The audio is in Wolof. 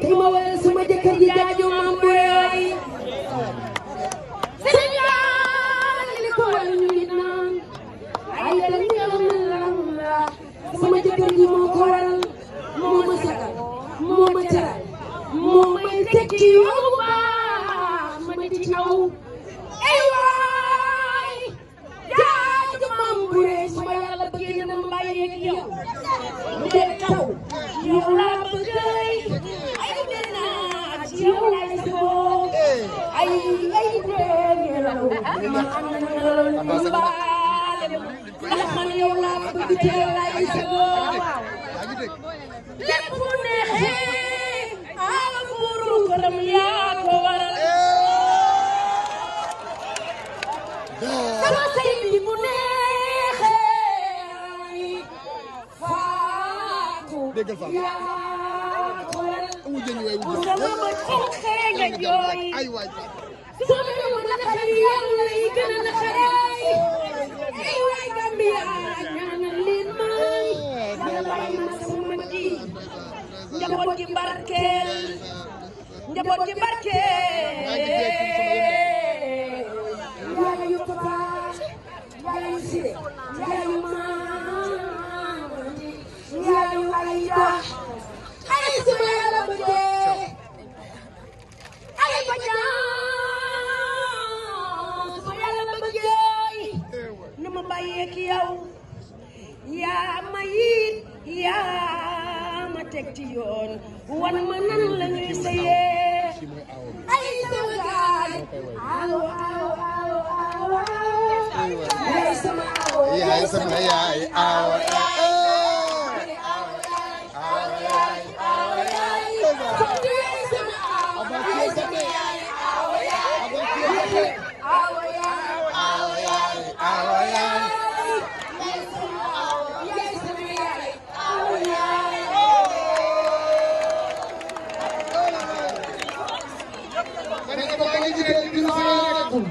di ma waral suma jëkkër ji jaaju maam bu rëy Sénégal li ko wal nit naan ay tan ni alhamdulillah suma jëkkër ji moo ko waral moo ma sagal moo ma teral moo may tekki yow baax ma di ci aw ay waay jaaju maam bu rëy suma yàlla bëgg na ma bàyyi ak yow mu dee taw yow laa bëgg Big and fun. Yeah. umu jëñ way wu sama xol xare nga jooy ay waay sama mu naqari yàlla yi gën a naqaraay ay waay Gambia ñaanal leen maay yàlla ma sama ji njaboot gi barkeel njaboot gi barkeel yàlla yu papa yàlla yu sire ma bàyyeek yow yaa ma yiit yaa ma teg ci yoon wan ma nan la ñuy sëyee ay sama gaay awo awo awo awo yaay sama awo yaay sama yaay awo jigéen ñi gisaagul